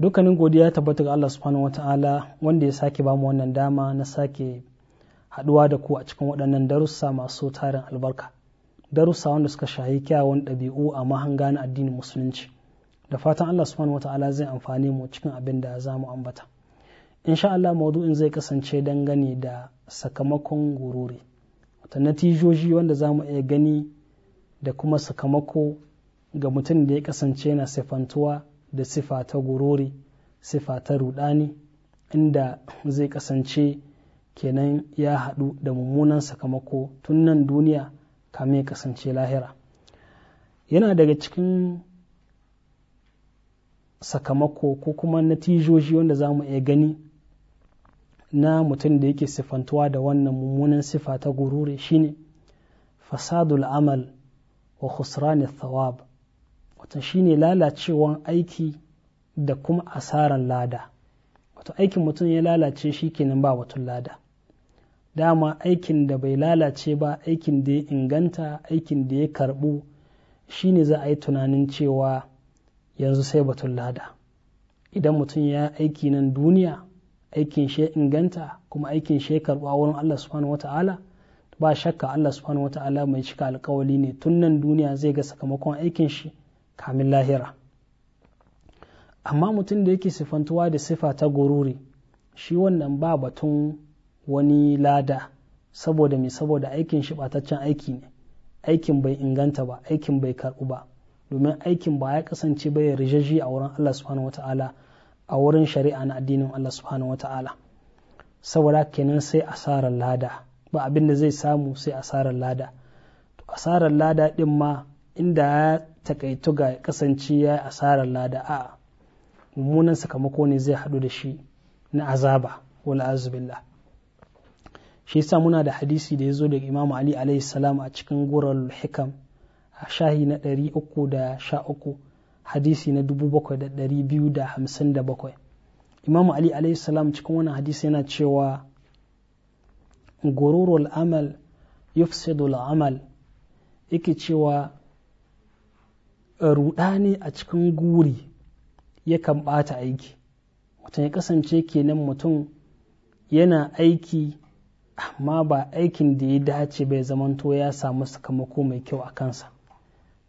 dukkanin godiya tabbata ga Allah subhanahu wata'ala wanda ya sake ba mu wannan dama na sake haduwa da ku a cikin waɗannan darussa masu tarin albarka darussa wanda suka shayi kyawun ɗabi'u a mahanga na addinin musulunci da fatan Allah subhanahu wata'ala zai amfani mu cikin abin da za mu ambata insha Allah maudu'in zai kasance dangane da sakamakon gururi wata natijoji wanda za mu iya gani da kuma sakamako ga mutum da ya kasance na sifantuwa da sifa ta gururi sifa ta rudani inda zai kasance kenan ya haɗu da mummunan sakamako tun nan duniya kame kasance lahira yana daga cikin sakamako ko kuma natijoji wanda za mu iya gani na mutum da yake sifantuwa da wannan mummunan sifa ta gururi shine fasadul amal wa khusrani thawab wato shine lalacewan aiki da kuma asaran lada wato aikin mutum ya lalace shi kenan ba batun lada dama aikin da bai lalace ba aikin da ya inganta aikin da ya karbu shine za a yi tunanin cewa yanzu sai batun lada idan mutum ya aiki nan duniya aikin shi ya inganta kuma aikin shi ya karɓa wurin Allah subhanahu wata'ala ba shakka Allah subhanahu wata'ala mai cika alkawali ne tun nan duniya zai ga sakamakon aikin shi kamin lahira amma mutum da yake sifantuwa da sifa ta gururi shi wannan ba batun wani lada saboda mai saboda aikin shi bataccen aiki ne aikin bai inganta ba aikin bai karɓu ba domin aikin ba ya kasance bai rijaji a wurin Allah subhanahu wata'ala a wurin shari'a na addinin Allah subhanahu wata'ala saboda kenan sai asarar lada ba abin da zai samu sai asarar lada asarar lada din ma inda ya takaitu ga kasance ya yi asarar lada a mummunan sakamako ne zai haɗu da shi na azaba wala azubillah shi yasa muna da hadisi da ya zo daga imamu ali alayhi salam a cikin gurar hikam a shahi na dari uku da sha uku hadisi na dubu bakwai da dari biyu da hamsin da bakwai imamu ali alayhi salam cikin wani hadisi yana cewa gururul amal yufsidul amal yake cewa rudani a cikin guri yakan ɓata aiki mutum ya kasance kenan mutum yana aiki amma ba aikin da ya dace bai zamanto ya samu sakamako mai kyau a kansa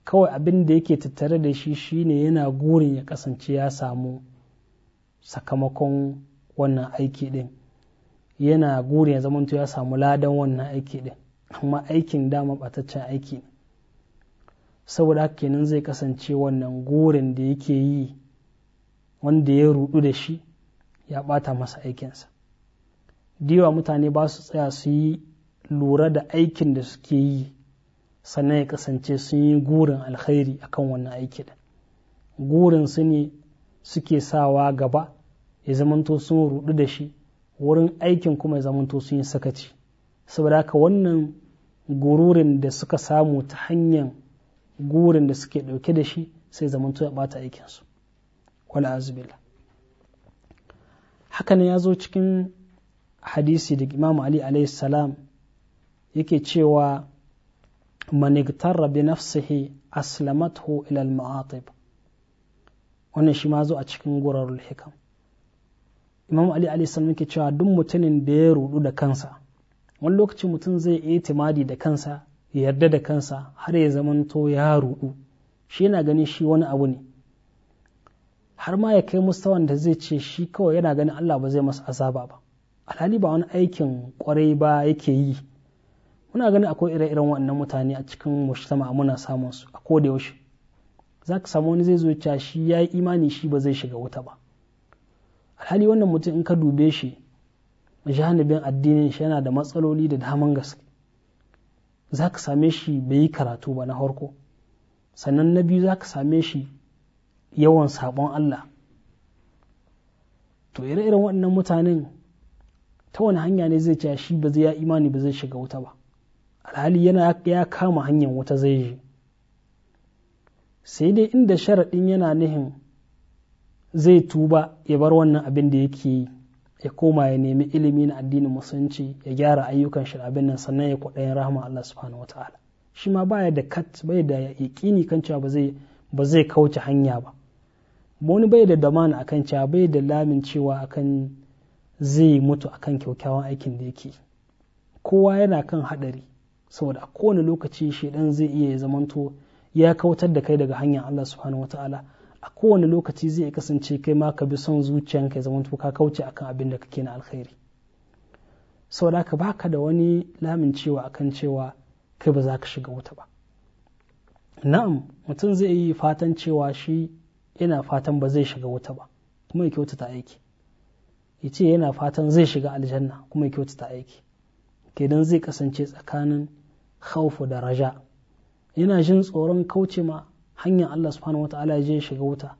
kawai abin da yake tattare da shi shine yana gurin ya kasance ya samu sakamakon wannan aiki din yana gurin ya zamanto ya samu ladan wannan aiki din amma aikin dama ɓataccen aiki ne saboda haka kenan zai kasance wannan gurin da yake yi wanda ya rudu da shi ya bata masa aikinsa diwa mutane ba su tsaya su yi lura da aikin da suke yi sannan ya kasance sun yi gurin alkhairi akan wannan aiki da gurin su ne suke sawa gaba ya zamanto sun rudu da shi wurin aikin kuma ya zamanto sun yi sakaci saboda haka wannan gururin da suka samu ta hanyar gurin da suke ɗauke da shi sai zamanto ya ɓata aikinsu wala azubila hakan ya zo cikin hadisi da imam ali alayhi salam yake cewa man igtarra bi nafsihi aslamathu ila al-ma'atib wannan shi ma zo a cikin gurarul hikam imam ali alayhi salam yake cewa duk mutumin da ya rudu da kansa wani lokaci mutum zai yi timadi da kansa ya yarda da kansa har ya zamanto ya rudu shi yana ganin shi wani abu ne har ma ya kai mustawan da zai ce shi kawai yana ganin Allah ba zai masa azaba ba alhali ba wani aikin kwarai ba yake yi muna ganin akwai ire-iren wannan mutane a cikin mujtama muna samun su a koda yaushe za ka samu wani zai zo ya shi ya yi imani shi ba zai shiga wuta ba alhali wannan mutum in ka dube shi janibin addinin shi yana da matsaloli da daman gaske za ka same shi bai yi karatu ba na harko sannan na biyu za ka same shi yawan sabon Allah to ire-iren waɗannan mutanen ta wani hanya ne zai ce shi ba zai ya imani ba zai shiga wuta ba alhali yana ya kama hanyar wuta zai je sai dai inda sharaɗin yana nihin zai tuba ya bar wannan abin da yake yi ya koma ya nemi ilimi na addinin musulunci ya gyara ayyukan shi abin nan sannan ya kwaɗayin rahama Allah subhanahu wataala shi ma baya da kat bai da yaƙini kan cewa ba zai ba zai kauce hanya ba wani bai da damana akan cewa bai da lamin cewa akan zai mutu akan kyaukyawan aikin da yake kowa yana kan haɗari saboda a kowane lokaci shi ɗan zai iya ya zamanto ya kautar da kai daga hanyar Allah subhanahu wataala a kowane lokaci zai kasance kai ma ka bi son zuciyanka ya zama ka kauce akan abin da kake na alkhairi saboda ka baka da wani lamin cewa akan cewa kai ba za ka shiga wuta ba na'am mutum zai yi fatan cewa shi yana fatan ba zai shiga wuta ba kuma ya kyautata aiki ya ce yana fatan zai shiga aljanna kuma ya kyautata aiki Ke don zai kasance tsakanin khaufu da raja yana jin tsoron kauce ma hanyar Allah subhanahu wa ya je ya shiga wuta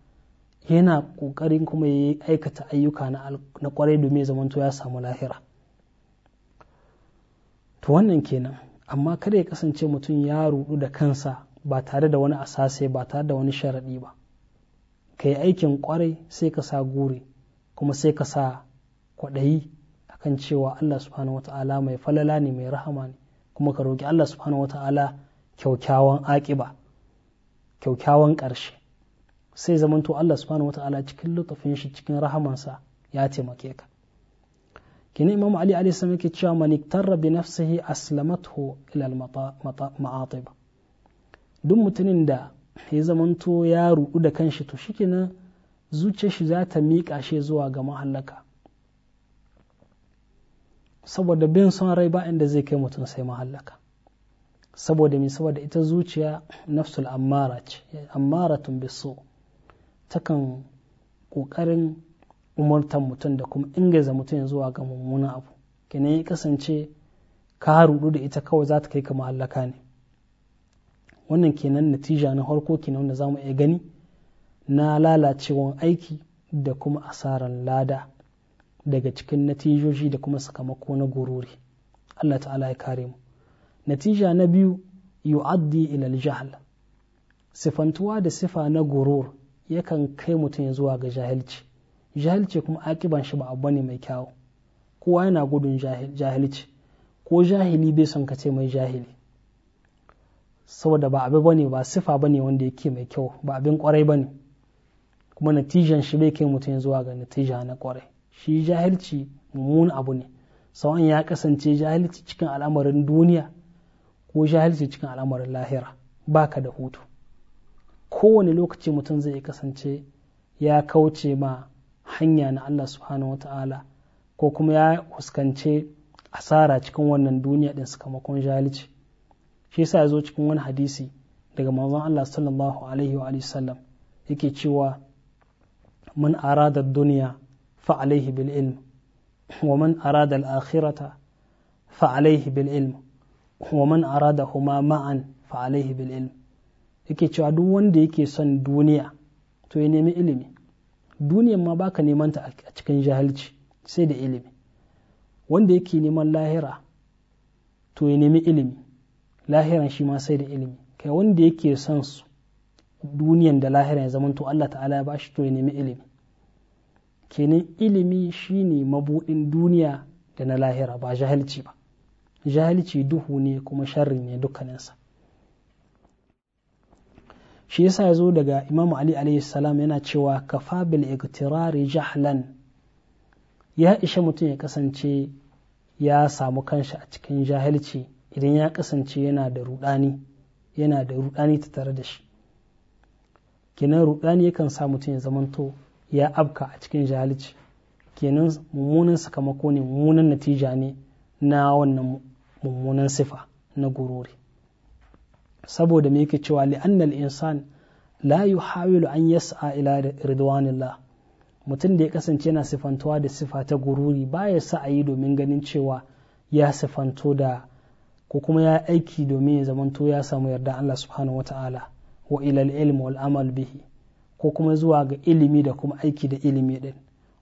yana kokarin kuma ya aikata ayyuka na kwarai domin to ya samu lahira to wannan kenan amma kada ya kasance mutum ya rudu da kansa ba tare da wani asase ba tare da wani sharaɗi ba ka yi aikin kwarai sai ka sa guri kuma sai ka sa kwaɗayi akan cewa Allah subhanahu ta'ala mai falala ne mai rahama ne kuma ka roƙi Allah subhanahu ta'ala kyaukyawan aƙiba kyaukyawan ƙarshe sai zamanto Allah subhanahu wa ta'ala cikin lutufin shi cikin rahamansa ya taimake ka kini imam ali alayhi salam yake cewa man iktarra bi nafsihi aslamathu ila al ma'atib duk mutumin da ya zamanto ya ruɗu da kanshi to shikenan zuciyar shi za ta miƙa shi zuwa ga mahallaka saboda bin son rai ba inda zai kai mutum sai mahallaka saboda mai saboda ita zuciya nafsul ammara ce ammaratun biso takan ƙoƙarin umartar mutum da kuma ingaza mutum zuwa ga mummunan abu kenan ya kasance ka rudu da ita kawai za ta kai ka mahallaka ne wannan kenan natija na harko kenan wanda za mu iya gani na lalacewan aiki da kuma asaran lada daga cikin natijoji da kuma sakamako na gururi Allah ta'ala ya kare mu natija na biyu yu'addi ilal jahl sifantuwa da sifa na gurur yakan kai mutum ya zuwa ga jahilci jahilci kuma akiban shi ba abu ne mai kyawu kowa yana gudun jahilci ko jahili bai son ka ce mai jahili saboda ba abu bane ba sifa bane wanda yake mai kyau ba abin kwarai bane kuma natijan shi bai kai mutum zuwa ga natija na kwarai shi jahilci mummun abu ne sawan ya kasance jahilci cikin al'amarin duniya ko jahilci cikin al'amarin lahira baka da hutu kowane lokaci mutum zai kasance ya kauce ma hanya na Allah subhanahu wata'ala ko kuma ya fuskance asara cikin wannan duniya din sakamakon jahilci shi yasa ya zo cikin wani hadisi daga manzon Allah sallallahu alaihi wa sallam yake cewa man arada duniya fa alaihi bil ilm wa man arada al-akhirata fa alaihi bil ilm wa man huma ma'an fa'alaihi bil ilm yake cewa duk wanda yake son duniya to ya nemi ilimi duniyan ma baka neman ta a cikin jahilci sai da ilimi wanda yake neman lahira to ya nemi ilimi lahiran shi ma sai da ilimi kai wanda yake son su duniyan da lahiran ya zama to Allah ta'ala ya bashi to ya nemi ilimi kenan ilimi shine mabudin duniya da na lahira ba jahilci ba jahilci duhu ne kuma sharri ne dukkaninsa shi yasa ya zo daga imamu ali alayhi salam yana cewa kafa bil iktirari jahlan ya ishe mutum ya kasance ya samu kanshi a cikin jahilci idan ya kasance yana da rudani yana da rudani ta tare da shi kenan rudani yakan sa mutum ya zamanto ya abka a cikin jahilci kenan mummunan sakamako ne mummunan natija ne na wannan mummunan sifa na gururi saboda me yake cewa li'annal insan la yuhawilu an yas'a ila ridwanillah mutum da ya kasance yana sifantuwa da sifa ta gururi ba ya baya yi domin ganin cewa ya sifanto da ko kuma ya aiki domin ya zamanto ya samu yarda Allah subhanahu wata'ala wa ilal ilmi wal amal bihi ko kuma zuwa ga ilimi da kuma aiki da ilimi din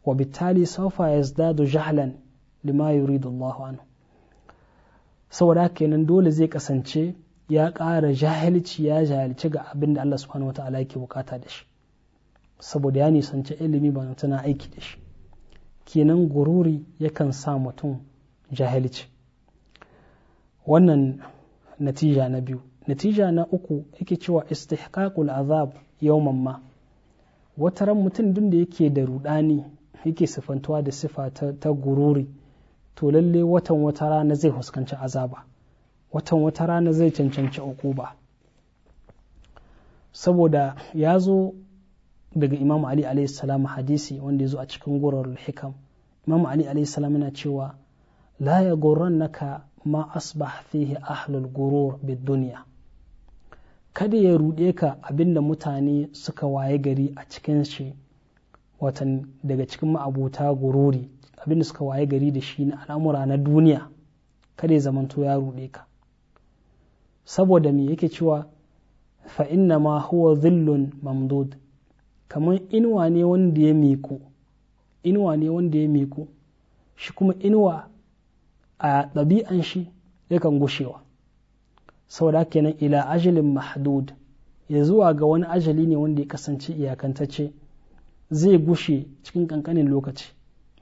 wa bitali sawfa yazdadu jahlan lima yuridu Allahu anhu saboda kenan dole zai kasance ya ƙara jahilci ya jahilci ga abin da Allah subhanahu wataala yake bukata da shi saboda ya nisanci ilimi ba tana aiki da shi kenan gururi yakan sa mutum jahilci wannan natija na biyu natija na uku yake cewa istihqaqul azab yawman ma wataran mutum din da yake da rudani yake sifantuwa da sifa ta gururi to lalle watan wata rana zai fuskanci azaba watan wata rana zai cancanci ukuba saboda ya zo daga imam ali salam hadisi wanda ya zo a cikin gurar hikam imam ali salam yana cewa la ya naka ma asbah fihi ahlul gurur bid duniya kada ya ruɗe ka abinda mutane suka waye gari a cikin shi watan daga cikin ma'abuta gururi abin da suka waye gari da shi na al'amura na duniya kada ya zamanto ya ruɗe ka saboda me yake cewa fa inna ma huwa zillun mamdud kamar inuwa ne wanda ya miko inuwa ne wanda ya miko shi kuma inuwa a ɗabi'an shi yakan gushewa saboda kenan ila ajalin mahdud ya zuwa ga wani ajali ne wanda ya kasance iyakantacce zai gushe cikin kankanin lokaci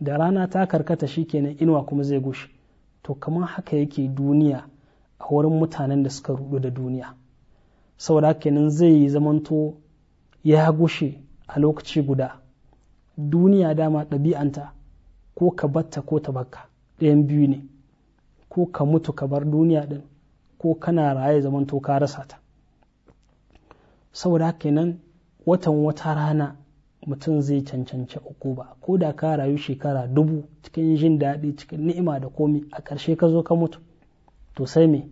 da rana ta karkata shi kenan inuwa kuma zai gushe to kamar haka yake duniya a wurin mutanen da suka rudu da duniya saboda kenan zai yi zamanto ya gushe a lokaci guda duniya dama ɗabi'anta ko ka batta ko ta bakka ɗayan biyu ne ko ka mutu ka bar duniya ɗin ko kana raye zamanto ka rasa ta saboda kenan watan wata rana mutum zai cancanci ukuba ko da ka rayu shekara dubu cikin jin daɗi cikin ni'ima da komi a ƙarshe ka zo ka mutu to sai me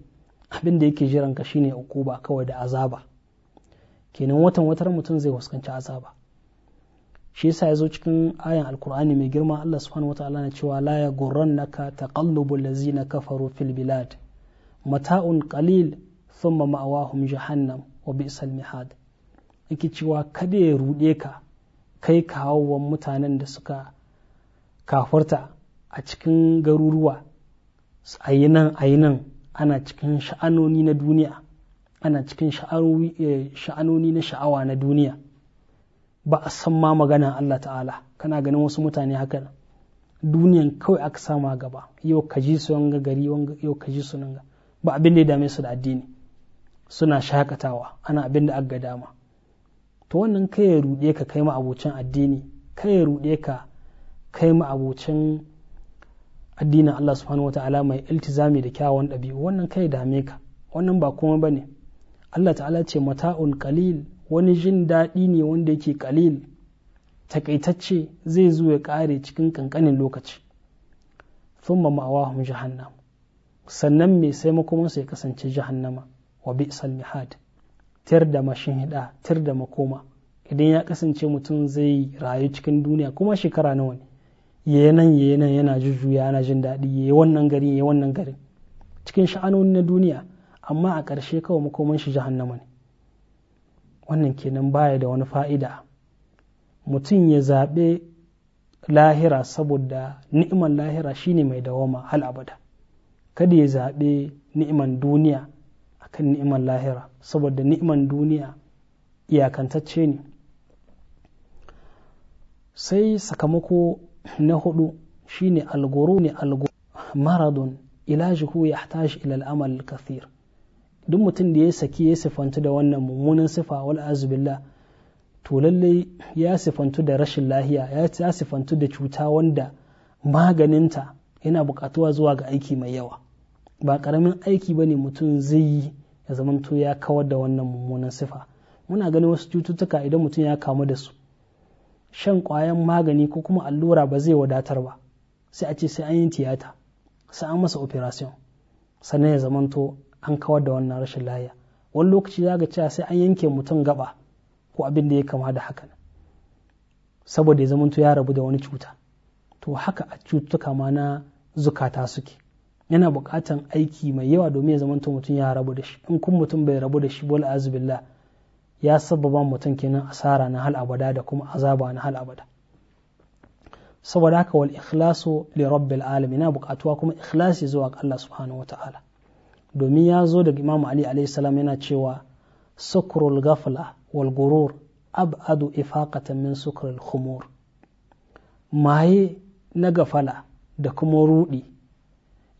abin da yake jiran ka shine ukuba kawai da azaba kenan watan watar mutum zai fuskanci azaba shi yasa ya zo cikin ayan alkur'ani mai girma Allah subhanahu wataala na cewa la yaghurrannaka taqallubul ladzina kafaru fil bilad mata'un qalil thumma ma'awahum jahannam wa bi'sal mihad yake cewa kada ya rude ka kai kawowar mutanen da suka kafarta a cikin garuruwa a yi nan a yi nan ana cikin sha'anoni na duniya ana cikin eh, sha'anoni na sha'awa na duniya ba a san ma magana Allah ta'ala kana ganin wasu mutane haka duniyan kawai aka sama gaba yau ka ji su wanga gari yau ka ji su nan ba abin da ya dame su da addini suna shakatawa ana abin da aka dama to wannan kai ya ruɗe ka kai ma'abocin addini kai ya ruɗe ka kai ma'abocin addinin Allah subhanahu wata'ala mai iltizami da kyawun ɗabi'u wannan kai dame ka wannan ba kuma ba ne Allah ta'ala ce mata'un kalil wani jin daɗi ne wanda yake kalil takaitacce zai zo ya ƙare cikin ƙanƙanin lokaci thumma ma'awahum jahannam sannan mai sai makomansa ya kasance jahannama wa bi'sal mihad tar da hida tar da makoma idan ya kasance mutum zai rayu cikin duniya kuma shekara nawa ne yayi nan yayi nan yana jujjuya yana jin daɗi yayi wannan gari yayi wannan garin cikin sha'anoni na duniya amma a ƙarshe kawai makoman shi jahannama ne wannan kenan baya da wani fa'ida mutum ya zaɓe lahira saboda ni'iman lahira shine mai dawama hal abada kada ya zaɓe ni'iman duniya a kan ni'imar lahira saboda ni'imar duniya iyakantacce ne sai sakamako na hudu shine algoro ne algoro maradon ilajihu ya tashi ilal amal kathir duk mutum da ya saki ya sifantu da wannan mummunan sifa wal azubillah to lallai ya sifantu da rashin lahiya ya sifantu da cuta wanda maganinta yana bukatuwa zuwa ga aiki mai yawa ba karamin aiki ne mutum zai yi ya zamanto ya kawar da wannan mummunan sifa muna ganin wasu cututtuka idan mutum ya kamu da su shan kwayan magani ko kuma allura ba zai wadatar ba sai a ce sai an yi tiyata sai an masa operation sannan ya zamanto an kawar da wannan rashin lahiya wani lokaci za ga cewa sai an yanke mutum gaba ko abin da ya kama da hakan saboda ya zamanto ya rabu da wani cuta to haka a cututtuka ma na zukata suke yana buƙatan aiki mai yawa domin ya zamanta mutum ya rabu da shi in kun mutum bai rabu da shi bol azubillah ya sababa mutum kenan asara na hal abada da kuma azaba na hal abada saboda haka wal ikhlasu li rabbil alamin na buƙatuwa kuma ikhlasi zuwa ga Allah subhanahu wataala domin ya zo daga Imam Ali alayhi salam yana cewa sukrul ghafla wal gurur ab'adu ifaqatan min sukrul khumur maye na gafala da kuma rudi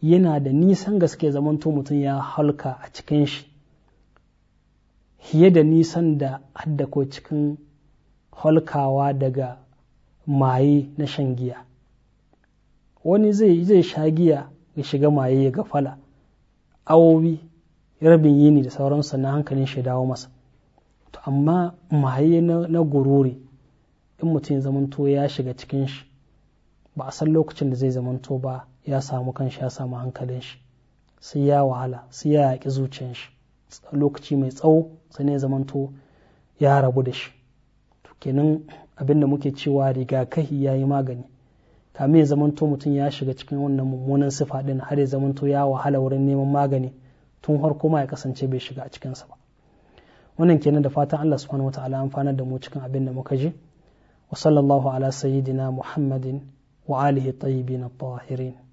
yana da nisan gaske zamanto mutum ya halka a cikin shi fiye da nisan da haddako cikin halkawa daga maye na shan giya wani zai zai sha giya ya shiga maye ya ga gafala awowi rabin yini da sauransa na hankalin shi dawo masa to amma maye na gururi in mutum ya zamanto ya shiga cikin shi ba a san lokacin da zai zamanto ba ya samu kan ya samu hankalin shi sai ya wahala sai ya yaƙi zuciyar shi lokaci mai tsawo sai ne zamanto ya rabu da shi kenan abin da muke cewa rigakahi ya yi magani kamin ya zamanto mutum ya shiga cikin wannan mummunan sifa din har ya zamanto ya wahala wurin neman magani tun har kuma ya kasance bai shiga a cikinsa ba wannan kenan da fatan Allah subhanahu wataala an da mu cikin abin da muka ji wa sallallahu ala sayyidina muhammadin wa alihi tayyibin at-tahirin